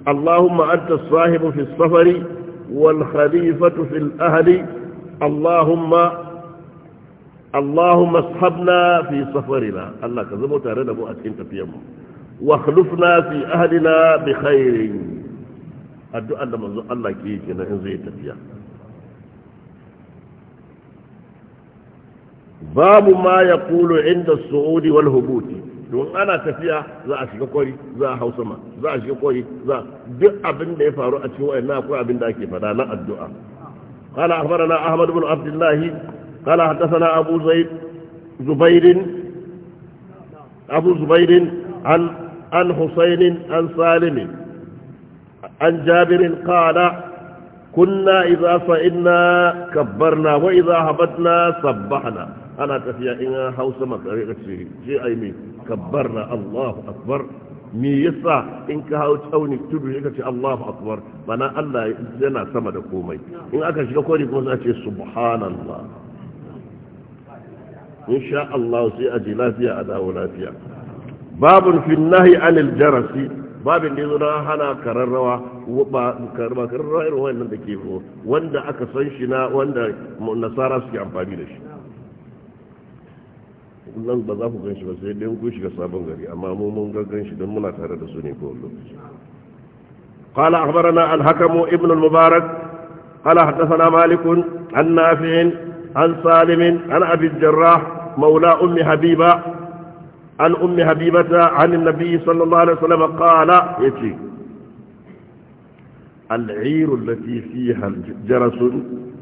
اللهم أنت الصاحب في السفر والخليفة في الأهل اللهم اللهم اصحبنا في سفرنا الله كذبوا تارنا مو أتين تفيهم واخلفنا في أهلنا بخير الدعاء لما الله كيكنا انزي تفيا باب ما يقول عند الصعود والهبوط don ana tafiya za a shiga kwari za a hau sama za a shiga kwari za duk abin da ya faru a cikin wayannan akwai abin da ake fada na addu'a qala akhbarana ahmad ibn abdullah قال حدثنا أبو زيد زبير أبو زبير عن عن حسين عن سالم عن جابر قال كنا إذا صئنا كبرنا وإذا هبطنا سبحنا أنا تفيا إن حوس مكريك شيء شيء أيمين كبرنا الله أكبر me yasa in ka hau tsauni tudu ya ce Allahu akbar bana Allah yana sama da komai in aka shiga kori kuma za ce subhanallah in sha Allah sai a ji lafiya a dawo lafiya babun finnahi anil jarasi babin da na hana kararrawa ba kararrawa irin wannan da ke wanda aka san shi na wanda nasara suke amfani da shi nan ba za ku gan shi ba sai dai kun shiga sabon gari amma mu mun gan shi don muna tare da su ne ko lokaci قال أخبرنا الحكم ابن المبارك قال حدثنا مالك عن نافع عن سالم عن أبي الجراح مولى أم حبيبة عن أم حبيبة عن النبي صلى الله عليه وسلم قال يتي العير التي فيها جرس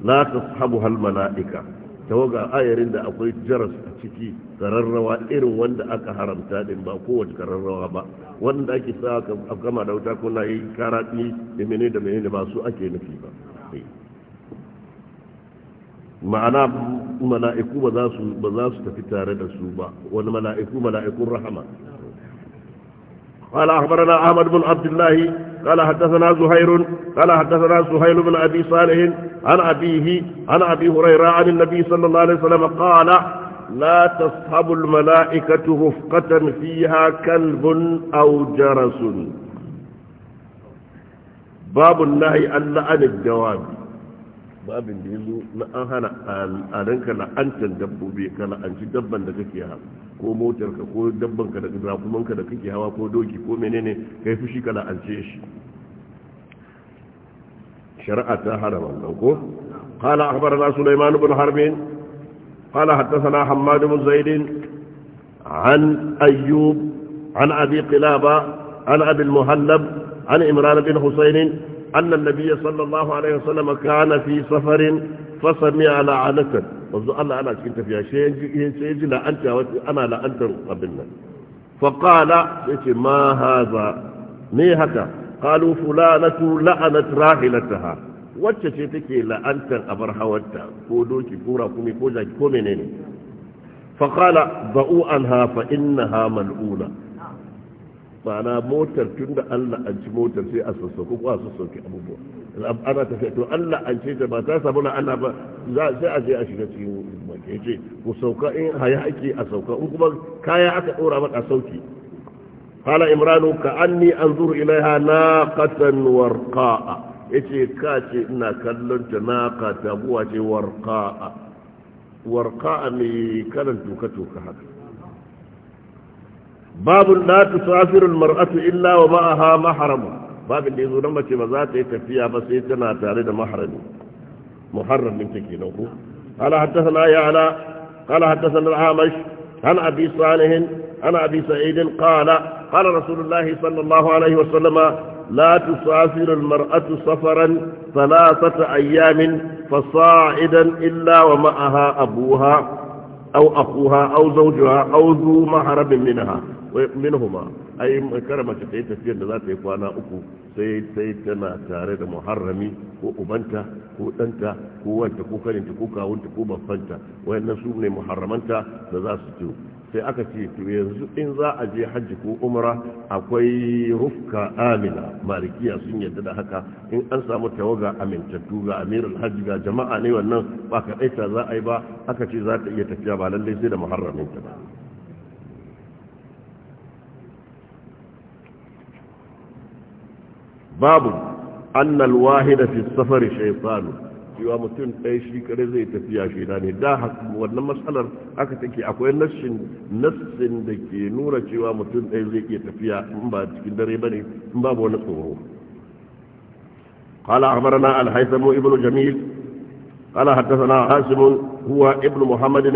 لا تصحبها الملائكة tawaga ayarin da akwai jaras a ciki kararrawa irin wanda aka haramta din ba kowace kararrawa ba wanda ake sa kama da wuta kuna yi kara da ba su ake nufi ba ma'ana mala'iku ba za su ba za su tafi tare da su ba wani mala'iku mala'ikun rahama قال أخبرنا أحمد بن عبد الله قال حدثنا زهير قال حدثنا سهيل بن أبي صالح عن أبيه عن أبي هريرة عن النبي صلى الله عليه وسلم قال لا تصحب الملائكة رفقة فيها كلب أو جرس باب النهي عن الجواب babin da ya zo na an hana an la'antar dabbobi ka la'anci dabban da kake hawa ko motar ka ko dabban ka da rakuman ka da kake hawa ko doki ko menene kai fushi ka la'ance shi shari'a ta harama nan ko qala akhbarana sulaiman ibn harbin qala hadathana hammad ibn zaid an ayyub an abi qilaba an abi muhallab an imran bin husayn أن النبي صلى الله عليه وسلم كان في سفر فسمع لعنة منذ الله أنا كنت فيها شيء سيجي لأنت أنا لأنت قبلنا فقال ما هذا نيهك قالوا فلانة لعنت راحلتها wacce take la'antar abar hawarta ko doki ko rakumi ko jaki ko menene faqala ba'u anha fa innaha mal'una ma'ana motar tun da Allah an ci motar sai a sassauki ko a sassauki abubuwa ana tafiya to Allah an ce ta ba ta samu na Allah ba za sai a je a shiga cikin mace ce ku sauka in haya ake a sauka in kuma kaya aka dora maka sauki hala imranu ka anni anzuru ilaiha naqatan warqa'a yace ka ce ina kallon ta naqa ta buwa ce warqa'a warqa'a ne kalan tuka tuka haka babun la tusafiru illa wa ma'aha mahramu babin da yazo dan mace ba za ta yi tafiya ba sai tana tare da mahrami muharram din take nan ko ala hadathana ya ala qala hadathana al-amash an abi salih an abi qala qala rasulullahi sallallahu alaihi wasallam لا تسافر المرأة سفرا ثلاثة أيام فصاعدا إلا ومعها أبوها أو أخوها أو زوجها أو ذو محرم منها minhuma ai kar mace ta yi tafiyar da za ta yi kwana uku sai sai tana tare da muharrami ko ubanta ko ɗanta ko wanta ko karinta ko kawunta ko babbanta wayannan su ne muharramanta da za su ci sai aka ce to yanzu in za a je hajji ko umra akwai rufka amina malikiya sun yadda da haka in an samu tawaga amintattu ga amirul hajji ga jama'a ne wannan ba kaɗaita za a yi ba aka ce za ta iya tafiya ba lallai sai da muharramin ta ba باب أن الواحد في السفر شيطان يوم تن أي شيء كذا زي تفيا شيء يعني دا حق ودنا مسألة أكتر كي نفس نفس عندك نورة يوم تن أي زي كي تفيا ما تقدر يبني ما بونسوه قال أخبرنا الحيثم ابن جميل قال حدثنا عاصم هو ابن محمد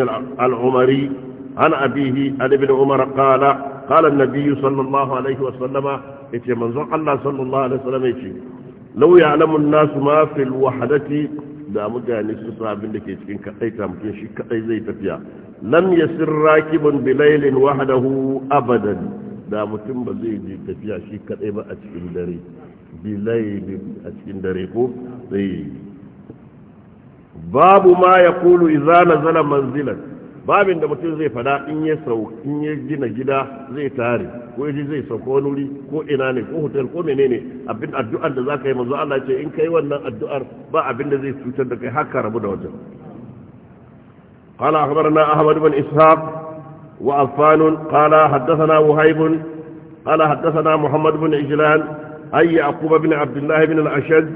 العمري عن أبيه عن ابن عمر قال قال النبي صلى الله عليه وسلم ce manzon Allah sallallahu alaihi wasallam yace law ya'lamu an-nas ma fil wahdati da mutane su san abin da ke cikin kadai ta shi kadai zai tafiya lam yasir rakibun bilailin wahdahu abadan da mutum ba zai je tafiya shi kadai ba a cikin dare bilailin a cikin dare ko zai babu ma yaqulu idza nazala manzilan babin da mutum zai fada in ya in ya gina gida zai tare ko yaji zai sauko wani ko ina ne ko hotel ko menene abin addu'ar da zaka yi manzo Allah ce in kai wannan addu'ar ba abin da zai cutar da kai haka rabu da wajen قال أخبرنا أحمد بن إسحاق وعفان قال حدثنا وهيب قال حدثنا محمد بن عجلان أي يعقوب بن عبد الله بن الأشج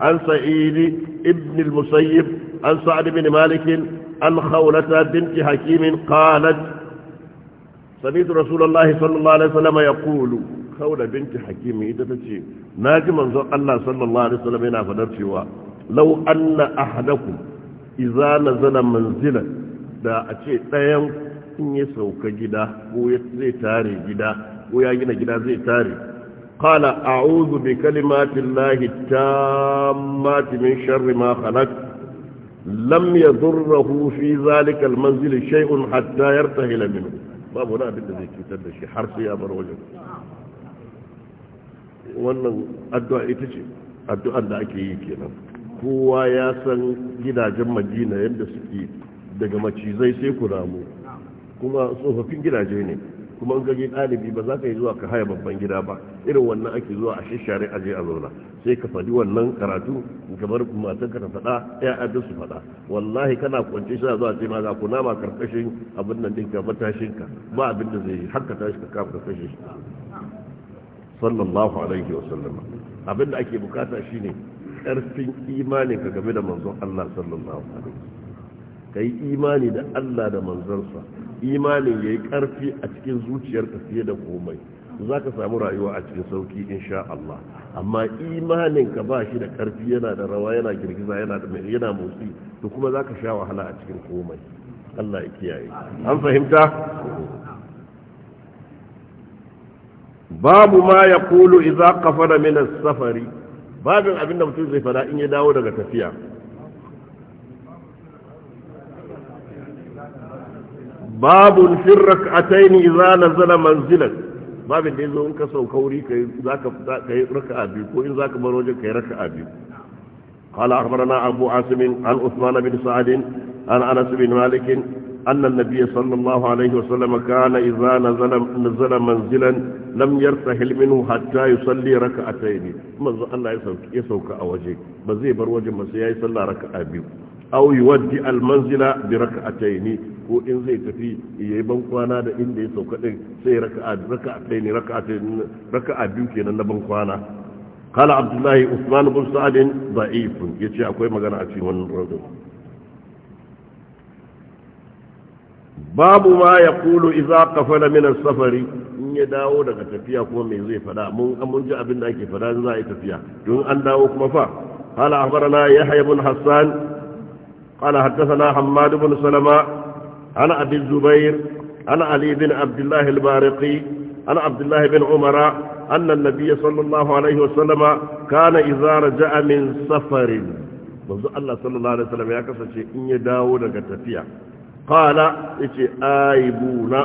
عن سعيد ابن المسيب عن سعد بن مالك عن خولة بنت حكيم قالت سمعت رسول الله صلى الله عليه وسلم يقول خولة بنت حكيم إذا تتشي ناجي منظر الله صلى الله عليه وسلم هنا فنرشوا لو أن أحدكم إذا نزل منزلا da a ce ɗayan in ya sauka gida ko zai tare gida ko ya gina gida zai tare قال أعوذ بكلمات الله التامات من شر ما خلقت lam yadurruhu fi zalika almanzil shay'un hatta yartahila minhu babu wani abin da zai cutar da shi har sai ya bar wajen wannan addu'a ita ce addu'ar da ake yi kenan kowa ya san gidajen madina yadda suke daga macizai sai ku ramu kuma tsofaffin gidaje ne kuma in gaji ɗalibi ba za ka yi zuwa ka haya babban gida ba irin wannan ake zuwa a shishare aje a zauna sai ka faɗi wannan karatu kamar matan ka ta faɗa ya su faɗa wallahi kana kwance shi zuwa ce ma za ku nama karkashin abin nan ɗinka matashin ka ba abin da zai haka tashi ka kafa karkashin shi sallallahu alaihi wa sallam abin da ake bukata shine ƙarfin imani ka game da manzon Allah sallallahu alaihi ka kai imani da Allah da sa imanin ya yi ƙarfi a cikin zuciyarka fiye da komai za ka samu rayuwa a cikin sauki insha Allah amma imanin ka ba shi da karfi yana da rawa yana girgiza yana da yana motsi to kuma za ka sha wahala a cikin komai Allah ya kiyaye an fahimta babu ma ya kulu idza qafara min safari babin abin da mutum zai fada in ya dawo daga tafiya babun firrak ataini idza nazala manzilat babin da ya zo in ka sauka wuri ka yi raka'a biyu ko in za ka bar wajen ka yi raka'a biyu قال أخبرنا أبو عاصم عن عثمان بن سعد عن أنس بن مالك أن النبي صلى الله عليه وسلم كان إذا نزل, نزل منزلا لم يرتحل منه حتى يصلي ركعتين من الله يسوك, يسوك أوجه بزيبر وجه مسيح يصلى ركعة بيو aw yuwaddi al manzila bi rak'ataini ko in zai tafi yayi ban kwana da inda ya sauka din sai raka'a raka'ataini raka'ataini raka'a biyu kenan na ban kwana قال abdullahi usman bin بن da'if yace akwai magana a cikin wannan babu ma kulu idza qafala min as-safari in ya dawo daga tafiya kuma me zai fada mun mun ji abin da ake fada za a yi tafiya don an dawo kuma fa قال أخبرنا يحيى بن حسان قال حدثنا حماد بن سلمة عن أبي الزبير عن علي بن عبد الله البارقي عن عبد الله بن عمر أن النبي صلى الله عليه وسلم كان إذا رجع من سفر manzo Allah ya kasance in ya dawo daga tafiya qala yace aibuna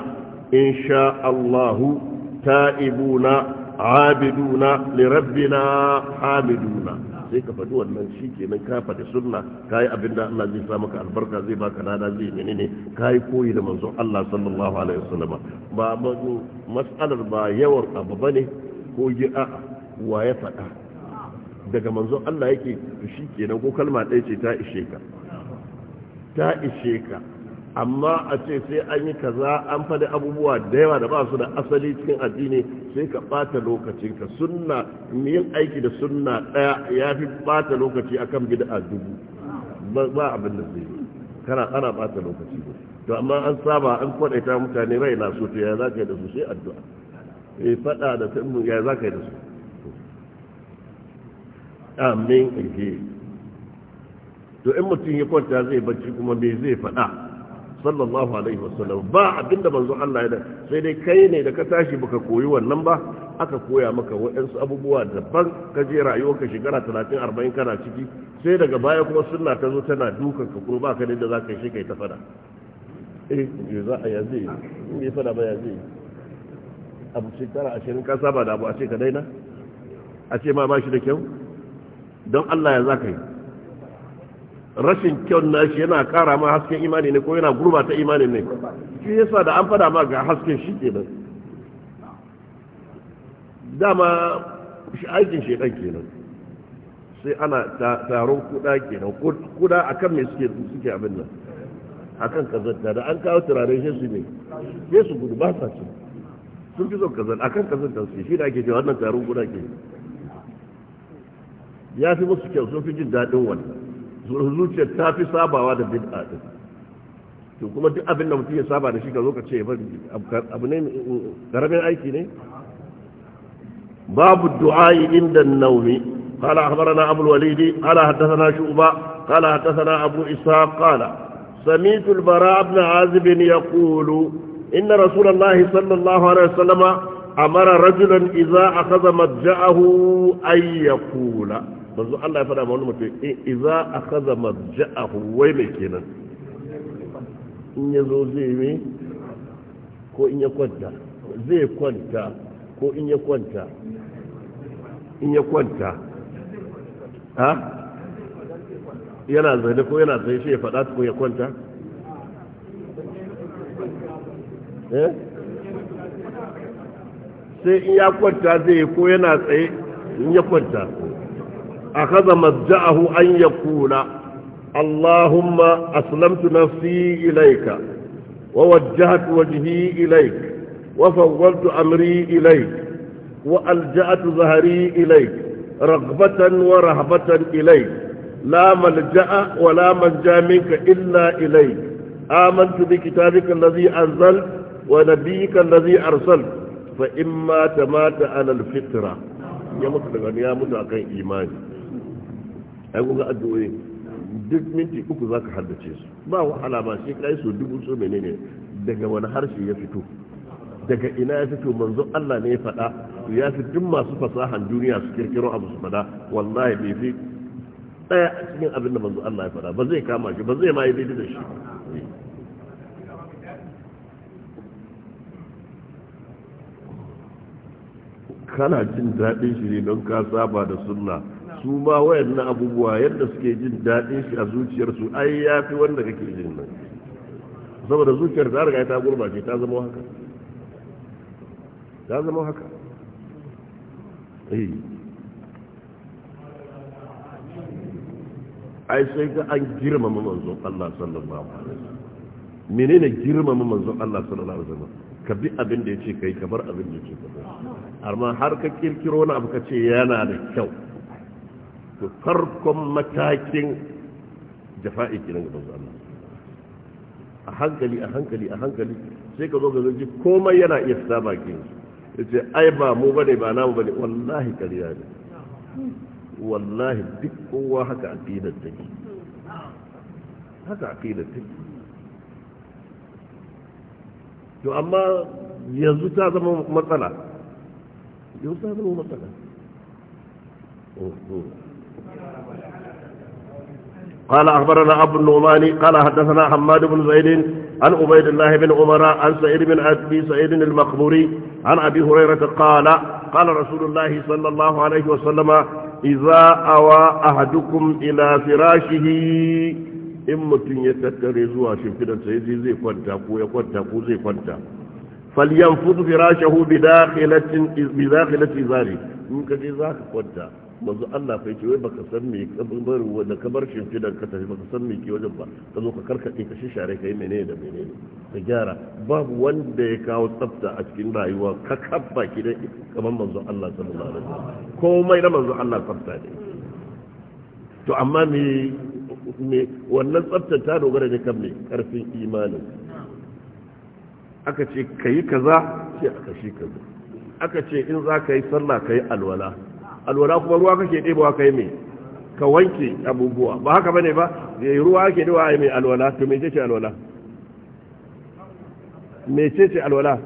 Allahu taibuna abiduna lirabbina hamiduna sai ka faɗi wannan shi kenan ka faɗi sunna ka yi abin da Allah zai sa maka albarka zai ba baka lada zai mene ne ka yi koyi da manzon Allah sallallahu alaihi wasallam ba mas'alar ba yawan abu bane ko yi a wa ya faɗa daga manzon Allah yake shi kenan ko kalma ɗaya ce ta ishe ka ta ishe ka amma a ce sai an yi kaza an faɗi abubuwa da yawa da ba su da asali cikin addini sai ka ɓata lokacinka sunna yin aiki da sunna ɗaya ya fi ɓata lokaci a gida bid'a dubu ba abin da zai kana ana ɓata lokaci ba to amma an saba an kwaɗaita mutane rai na so to ya za ka yi da su sai addu'a eh faɗa da sun ya za ka yi da su amin ke eh. to in mutum ya kwanta zai bacci kuma me zai faɗa sallallahu alaihi wasallam ba abinda manzo Allah ya da sai dai kai ne da ka tashi baka koyi wannan ba aka koya maka waɗansu abubuwa daban ka je rayuwarka shekara 30 40 kana ciki sai daga baya kuma sunna ta zo tana dukan ka kuma ba ka da za ka shiga ta fada eh za a ya in bai fada ba ya zai abu shekara 20 ka saba da abu a ce ka daina a ce ma ba shi da kyau don Allah ya zaka yi rashin na nashi yana kara ma hasken imani ne ko yana gurbata imani ne shi yasa da an fada ma ga hasken shi kenan dama shi aikin shedan kenan sai ana taron kuda kenan kuda akan me suke suke abin nan akan kazanta da an kawo turare shi su ne sai su gudu ba sa ce sun fi son kazanta akan kazanta su shi da ake cewa wannan taron kuda ke ya fi musu kyau sun fi jin daɗin wannan zuciyar ta fi sabawa da bid'a din to kuma duk abin da mutum ya saba da shi ka zo ka ce ya bari abu ne aiki ne babu du'a'i inda nawmi qala akhbarana abu walidi qala hadathana shu'ba qala hadathana abu isa qala samitu al-bara ibn azib yaqulu inna rasulallahi sallallahu alaihi wasallam iza rajulan idha akhadha madja'ahu ay yaqula manzo Allah ya fada ma wani mutum in eh, iza akhadha marja'ahu wai mai kenan in ya zo zai yi ko in ya kwanta zai kwanta ko in ya kwanta in ya kwanta ha yana zai ko yana zai shi ya faɗa ko ya kwanta eh sai in ya kwanta zai ko yana tsaye in ya kwanta أخذ مضجعه أن يقول اللهم أسلمت نفسي إليك ووجهت وجهي إليك وفوضت أمري إليك وألجأت ظهري إليك رغبة ورهبة إليك لا ملجأ ولا منجا منك إلا إليك آمنت بكتابك الذي أنزلت ونبيك الذي أرسلت فإما تمات على الفطرة يا مسلم يا متعقين إيماني ai ga addu'o'i duk minti uku za ka haddace su ba wahala ba sai kai so dubu so menene daga wani harshe ya fito daga ina ya fito manzo Allah ne ya faɗa ya fi duk masu fasahan duniya su kirkiro abu su faɗa wallahi bai fi ɗaya a cikin abin da manzo Allah ya faɗa ba zai kama shi ba zai ma yi daidai da shi kana jin daɗin shi ne don ka saba da sunna su ma na abubuwa yadda suke jin daɗin shi a zuciyarsu ai ya fi wanda kake jin nan saboda zuciyar ta riga ta gurbace ta zama haka ta zama haka eh. ai sai ga an girmama manzon Allah sallallahu alaihi wasallam menene girmama manzon Allah sallallahu alaihi wasallam ka bi abin da yace kai ka bar abin da yace ka bar amma har ka kirkiro wani abu ka ce yana da kyau to farkon matakin jafa'i kenan ga manzo Allah a hankali a hankali a hankali sai ka zo ga zoji komai yana iya fita bakin ya ce ai ba mu bane ba namu bane wallahi ƙarya ne wallahi duk kowa haka aqidar take haka aqidar take to amma yanzu ta zama matsala yanzu ta zama matsala قال أخبرنا أبو النعمان قال حدثنا حماد بن زيد عن عبيد الله بن عمر عن سعيد بن أبي سعيد المقبوري عن أبي هريرة قال قال رسول الله صلى الله عليه وسلم إذا أوى أحدكم إلى فراشه إما mutum ya tattare zuwa shimfidarsa ya zai kwanta ko فانتا فلينفض فراشه بداخلة بداخلة falyan ممكن firashahu bi manzo Allah fa yace wai baka san me kabar wanda kabar shimfidan ka tafi baka san me ke wajen ba ka zo ka karkade ka shishare kai menene da menene ka gyara babu wanda ya kawo tsafta a cikin rayuwa ka kabba ki da kamar manzo Allah sallallahu alaihi wasallam komai na manzo Allah tsafta ne to amma me me wannan tsafta ta dogara ne kan me karfin imanin aka ce kayi kaza sai aka shi kaza aka ce in za ka yi sallah ka yi alwala alwala kuma ruwa kake ɗebowa kai mai ka wanke abubuwa ba haka bane ba ya yi ruwa ake yi mai alwala to mai ce alwala mece ce alwala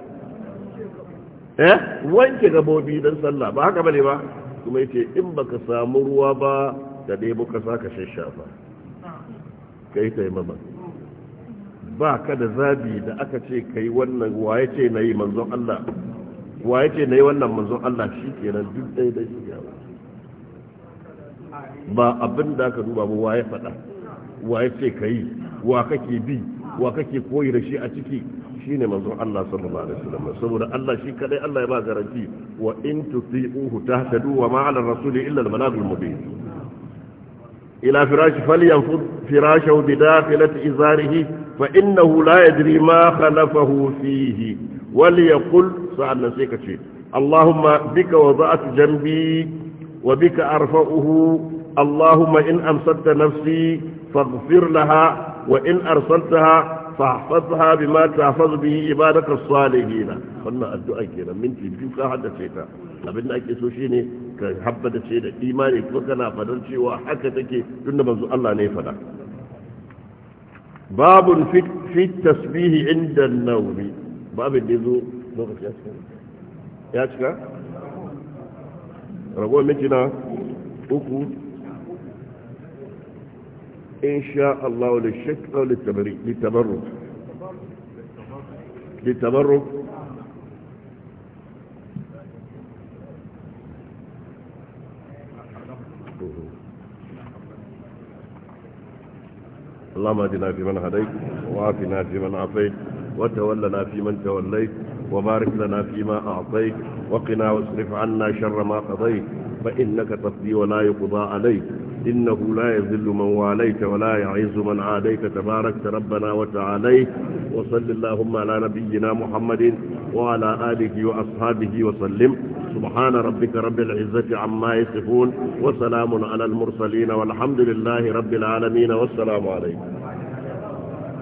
eh wanke gabobi don sallah ba haka bane ba kuma yake in ka samu ruwa ba da ɗebo ka sa ka shashafa yi taimama ba ka da zabi da aka ce ka yi wannan waye ce na yi manzon Allah waye ce na yi wannan manzon Allah shi ke nan duk ɗaya da shi ba abin da aka duba ba waye faɗa waye ce ka yi wa kake bi wa kake koyi da shi a ciki shine manzon Allah sallallahu alaihi wasallam saboda Allah shi kadai Allah ya ba garanti wa in tuti'uhu tahtadu wa ma 'ala rasuli illa al-balagul mubin ila firashi falyanfud firashahu bidakhilati izarihi fa innahu la yadri ma khalafahu fihi وليقل سألنا سيكتشي اللهم بك وضعت جنبي وبك أرفعه اللهم إن أمسكت نفسي فاغفر لها وإن أرسلتها فاحفظها بما تحفظ به عبادك الصالحين قلنا الدعاء كده من في كان حدا شيتا abin da ake so shine ka habbata ce da imani ko kana fadar cewa haka take tunda manzo Allah ne fada babun fi tasbihi inda an-nawm babin da ya na uku إن شاء الله للشك أو للتبرك للتبرك للتبرك اللهم اهدنا فيمن هديت وعافنا فيمن عافيت وتولنا فيمن توليت وبارك لنا فيما أعطيت وقنا واصرف عنا شر ما قضيت فإنك تقضي ولا يقضى عليك إنه لا يذل من واليت ولا يعز من عاديت تبارك ربنا وتعاليك وصل اللهم على نبينا محمد وعلى آله وأصحابه وسلم سبحان ربك رب العزة عما يصفون وسلام على المرسلين والحمد لله رب العالمين والسلام عليكم